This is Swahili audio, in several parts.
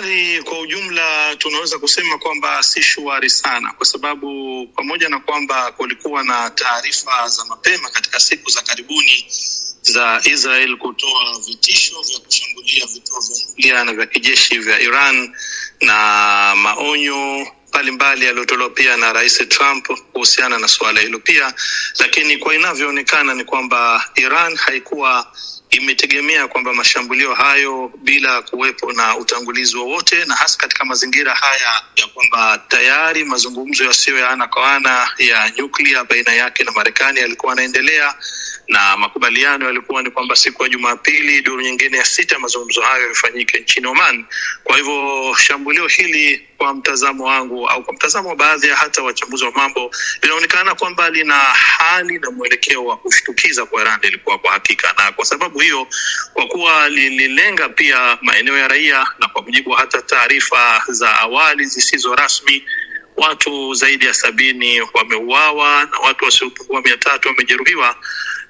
Hali kwa ujumla tunaweza kusema kwamba si shwari sana, kwa sababu pamoja na kwamba kulikuwa na taarifa za mapema katika siku za karibuni za Israel kutoa vitisho vya kushambulia vituo vya nuklia na vya kijeshi vya Iran na maonyo mbalimbali yaliyotolewa pia na Rais Trump kuhusiana na suala hilo pia, lakini kwa inavyoonekana ni kwamba Iran haikuwa imetegemea kwamba mashambulio hayo bila kuwepo na utangulizi wowote, na hasa katika mazingira haya ya kwamba tayari mazungumzo yasiyo ya ana kwa ana ya nyuklia baina yake na Marekani yalikuwa yanaendelea na makubaliano yalikuwa ni kwamba siku ya Jumapili duru nyingine ya sita ya mazungumzo hayo yamefanyike nchini Oman. Kwa hivyo shambulio hili kwa mtazamo wangu au kwa mtazamo wa baadhi ya hata wachambuzi wa mambo linaonekana kwamba lina hali na mwelekeo wa kushtukiza kwa Iran, ilikuwa kwa hakika na kwa sababu hiyo, kwa kuwa lililenga pia maeneo ya raia, na kwa mujibu hata taarifa za awali zisizo rasmi, watu zaidi ya sabini wameuawa na watu wasiopungua mia tatu wamejeruhiwa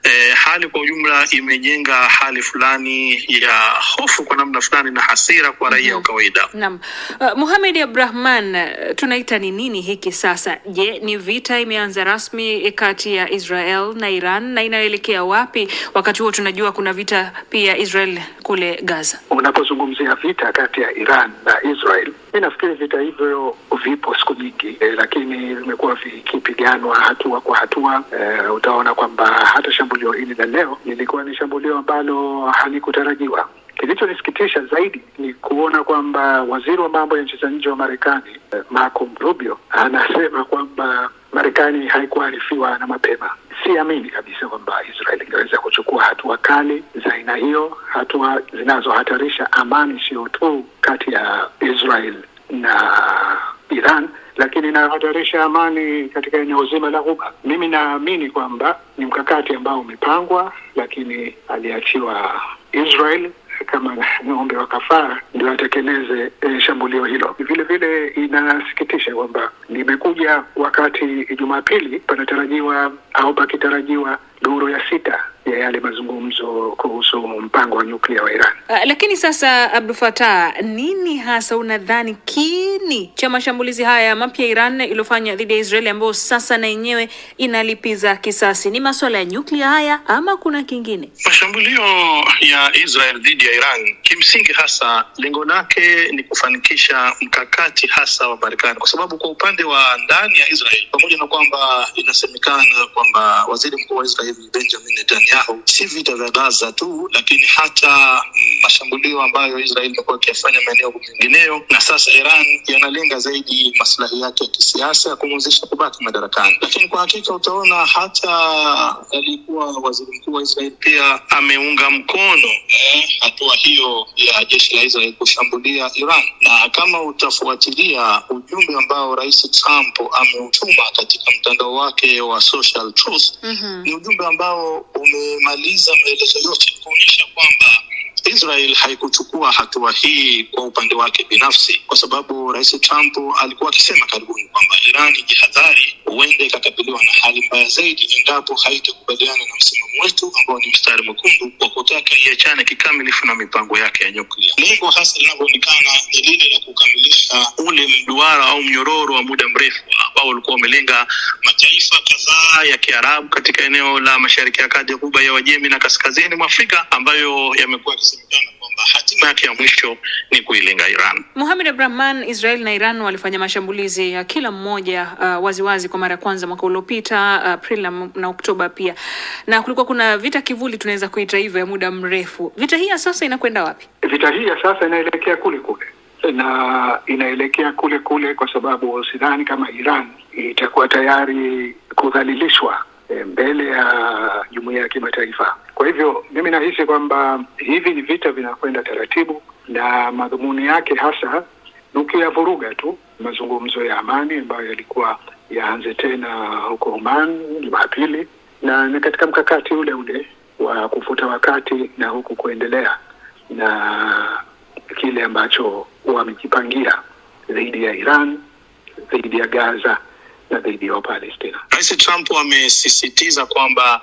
E, hali kwa ujumla imejenga hali fulani ya hofu kwa namna fulani na hasira kwa raia mhm. wa kawaida. Naam. Uh, Mohamed Abrahman, uh, tunaita ni nini hiki sasa? Je, ni vita imeanza rasmi kati ya Israel na Iran na inaelekea wapi? Wakati huo tunajua kuna vita pia Israel kule Gaza. Unapozungumzia vita kati ya Iran na Israel Mi nafikiri vita hivyo vipo siku nyingi e, lakini vimekuwa vikipiganwa hatua kwa hatua e, utaona kwamba hata shambulio hili la leo lilikuwa ni shambulio ambalo halikutarajiwa. Kilichonisikitisha zaidi ni kuona kwamba waziri wa mambo ya nchi za nje wa Marekani eh, Marco Rubio anasema kwamba Marekani haikuarifiwa na mapema. Siamini kabisa kwamba Israel ingeweza kuchukua hatua kali za aina hiyo, hatua zinazohatarisha amani sio tu kati ya hatarisha amani katika eneo zima la Ghuba. Mimi naamini kwamba ni mkakati ambao umepangwa, lakini aliachiwa Israel kama ng'ombe wa kafara ndio atekeleze e, shambulio hilo. Vile vile inasikitisha kwamba limekuja wakati Jumapili panatarajiwa au pakitarajiwa duru ya sita ya yale mazungumzo kuhusu mpango wa nyuklia wa Iran. Uh, lakini sasa Abdul fatah nini hasa unadhani kini cha mashambulizi haya mapya Iran iliyofanya dhidi ya Israeli ambayo sasa na yenyewe inalipiza kisasi? Ni masuala ya nyuklia haya ama kuna kingine? Mashambulio ya Israel dhidi ya Iran kimsingi hasa lengo lake ni kufanikisha mkakati hasa wa Marekani, kwa sababu kwa upande wa ndani ya Israel pamoja na kwamba inasemekana kwamba waziri mkuu wa Israel Benjamin Netanyahu Netanyahu, si vita vya Gaza tu, lakini hata mm, mashambulio ambayo Israel imekuwa ikiyafanya maeneo mengineyo, na sasa Iran yanalenga zaidi maslahi yake ya kisiasa ya kumwezesha kubaki madarakani. Lakini kwa hakika utaona hata aliyekuwa waziri mkuu wa Israel pia ameunga mkono eh, hatua hiyo ya jeshi la Israel kushambulia Iran, na kama utafuatilia ujumbe ambao rais Trump ameutuma katika mtandao wake wa Social Truth, mm -hmm. ni ujumbe ambao ume tumemaliza maelezo yote kuonyesha kwamba Israel haikuchukua hatua hii kwa upande wake binafsi, kwa sababu Rais Trump alikuwa akisema karibuni kwamba Iran ijihadhari, huenda ikakabiliwa na hali mbaya zaidi endapo haitakubaliana na msimamo wetu ambao ni mstari mwekundu wa kutaka iachane kikamilifu na mipango yake ya nyuklia. Lengo hasa linavyoonekana ni lile la kukamilisha ule mduara au mnyororo wa muda mrefu ambao ulikuwa umelenga mataifa kadhaa ya Kiarabu katika eneo la Mashariki ya Kati, kuba ya wajemi na kaskazini mwa Afrika ambayo yamekuwa yakisemekana kwamba hatima yake ya mwisho ni kuilinga Iran. Muhammad Abrahman, Israel na Iran walifanya mashambulizi ya kila mmoja uh, waziwazi wazi kwa mara ya kwanza mwaka uliopita uh, Aprili uh, na Oktoba pia, na kulikuwa kuna vita kivuli, tunaweza kuita hivyo, ya muda mrefu. Vita hii ya sasa inakwenda wapi? Vita hii ya sasa inaelekea kule kule na inaelekea kule kule, kwa sababu sidhani kama Iran itakuwa tayari kudhalilishwa e, mbele ya jumuiya ya kimataifa. Kwa hivyo mimi nahisi kwamba hivi ni vita vinakwenda taratibu, na madhumuni yake hasa ni ukiyavuruga tu mazungumzo ya amani ambayo yalikuwa yaanze tena huko Oman Jumapili, na ni katika mkakati ule ule wa kufuta wakati na huku kuendelea na kile ambacho wamejipangia dhidi ya Iran, dhidi ya Gaza na dhidi ya Wapalestina. Rais Trump amesisitiza kwamba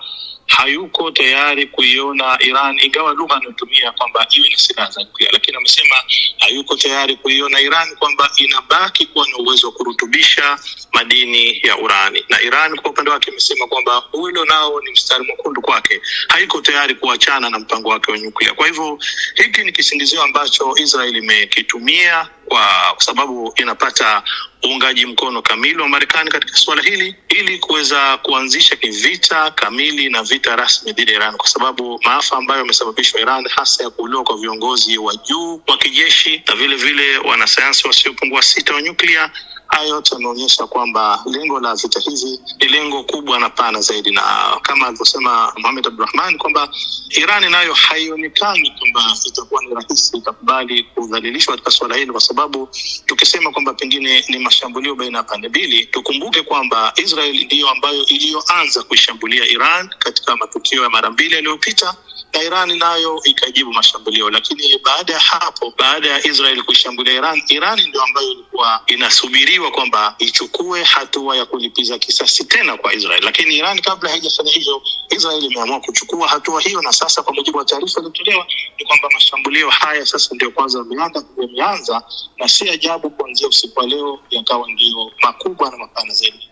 hayuko tayari kuiona Iran, ingawa lugha anayotumia kwamba iwe na silaha za nyuklia, lakini amesema hayuko tayari kuiona Iran kwamba inabaki kuwa na uwezo wa kurutubisha madini ya urani, na Iran kwa upande wake imesema kwamba hilo nao ni mstari mwekundu kwake, haiko tayari kuachana na mpango wake wa nyuklia. Kwa hivyo hiki ni kisingizio ambacho Israel imekitumia kwa sababu inapata uungaji mkono kamili wa Marekani katika suala hili ili kuweza kuanzisha kivita kamili na vita vita rasmi dhidi ya Iran, kwa sababu maafa ambayo yamesababishwa Iran, hasa ya kuuliwa kwa viongozi wa juu wa kijeshi na vile vile wanasayansi wasiopungua sita wa nyuklia hayo yote yanaonyesha kwamba lengo la vita hizi ni lengo kubwa na pana zaidi, na kama alivyosema Mohamed Abdurahman kwamba iran nayo haionekani kwamba itakuwa ni rahisi itakubali kudhalilishwa katika suala hili, kwa sababu tukisema kwamba pengine ni mashambulio baina ya pande mbili, tukumbuke kwamba Israel ndiyo ambayo iliyoanza kuishambulia Iran katika matukio ya mara mbili yaliyopita na Iran nayo ikajibu mashambulio. Lakini baada ya hapo, baada ya Israel kuishambulia Iran, Iran ndio ambayo ilikuwa inasubiriwa kwamba ichukue hatua ya kulipiza kisasi tena kwa Israel, lakini Iran kabla haijafanya hivyo, Israel imeamua kuchukua hatua hiyo, na sasa kwa mujibu wa taarifa iliyotolewa ni kwamba mashambulio haya sasa ndio kwanza yameanza yameanza, na si ajabu kuanzia usiku wa leo yakawa ndio makubwa na mapana zaidi.